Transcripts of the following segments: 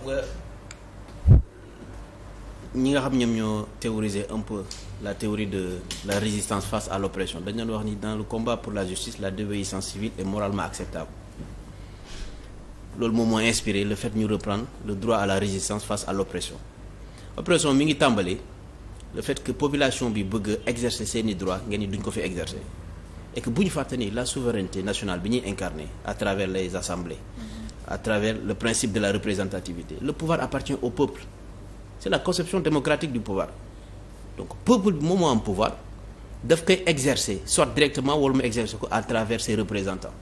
xam ñi nga xam ñoom ñoo théoriser un peu la théorie de la résistance face à l'oppression dañ doon wax ni dans le combat pour la justice la désobéissance civile est moralement acceptable loolu moom moo inspiré le fait ñu reprendre le droit à la résistance face à l'oppression oppression mi ngi tàmbali le fait que population bi bëgg a exercer seeni droits ngeen duñ ko fi exercer et que bu ñu fàtte ni la souveraineté nationale bi ñuy incarner à travers les assemblées. à travers le principe de la représentativité le pouvoir appartient au peuple c'est la conception démocratique du pouvoir donc peuple bi moom am pouvoir daf koy exercer soit directement wala mu exercer ko à travers ses représentants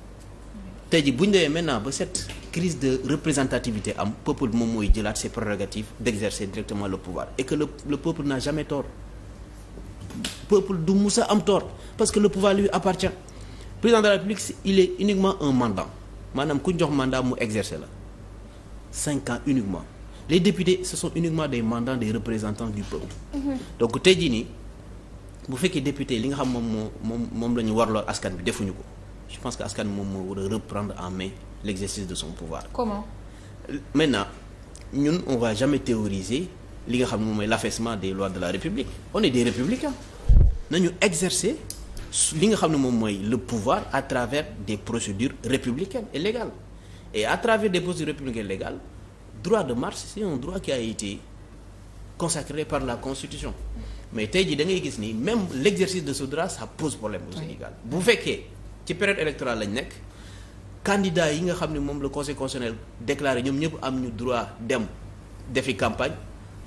tey jii bu ñu demee maintenant ba cette crise de représentativité am peuple moom mooy jëlaat ses prérogatives d'exercer directement le pouvoir et que le, peuple n'a jamais tort peuple du musa am tort parce que le pouvoir lui appartient président de la République il est un mandant maanaam ku jox mandat mu exercer la cinq ans uniquement les députés ce sont uniquement des mandats des représentants du peuple mhm. donc tey jii nii bu fekkee député li nga xam moom moo moom moom la ñu warloo askan bi defuñu ko je pense que askan moom moo war a reprendre en main l'exercice de son pouvoir comment maintenant ñun on va jamais théoriser li nga xam ne moom mooy l'affaissement des lois de la république on de des républicains nañu exercer su li nga xam ne moom mooy le pouvoir à travers des procédure républicaines et légales et à travers des procédures républicaines et légales droit de marche c'est un droit qui a été consacré par la constitution mais tey jii da ngay gis ni même l'exercice de ce droit ça pose problème au bu fekkee ci période électorale lañ nekk candidat yi nga xam ne moom la conseil constitutionnel déclaré ñoom ñëpp am ñu droit dem defi campagne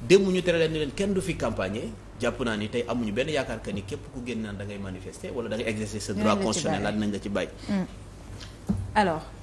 démb ñu tere leen ni leen kenn du fi campagne jàpp naa ni tey amuñu benn yaakaar que képp ku génn naan da manifester wala da ngay sa droit constitutionnel la dinañ la ci bàyyi hmm.